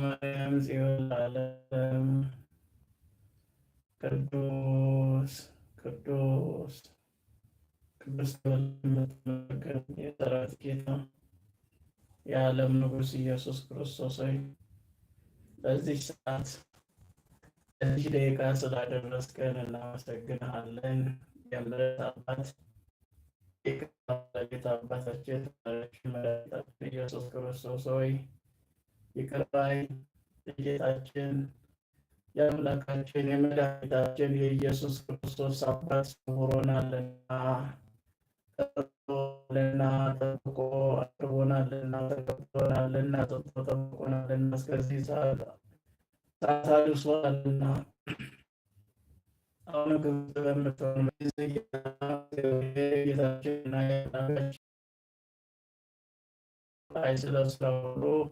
ማርያም ጽዮን ለዓለም ቅዱስ ቅዱስ ቅዱስ ተወልድ የጠራት ጌታ የዓለም ንጉሥ ኢየሱስ ክርስቶስ ሆይ በዚህ ሰዓት በዚህ ደቂቃ ስላደረስከን እናመሰግንሃለን። የምህረት አባት የቅርባቤት አባታችን ታሪችን መድኃኒታችን ኢየሱስ ክርስቶስ ሆይ ይቅርባይ ጌታችን የአምላካችን የመድኃኒታችን የኢየሱስ ክርስቶስ አባት ሆኖናልና ጠርቶልና ጠብቆ አቅርቦናልና ተቀብሎናልና ጠብቆ እስከዚህ ሰዓት አድርሶናልና አሁን ገንዘብ የምትሆን ጌታችንና ያናች አይ ስለ ስራ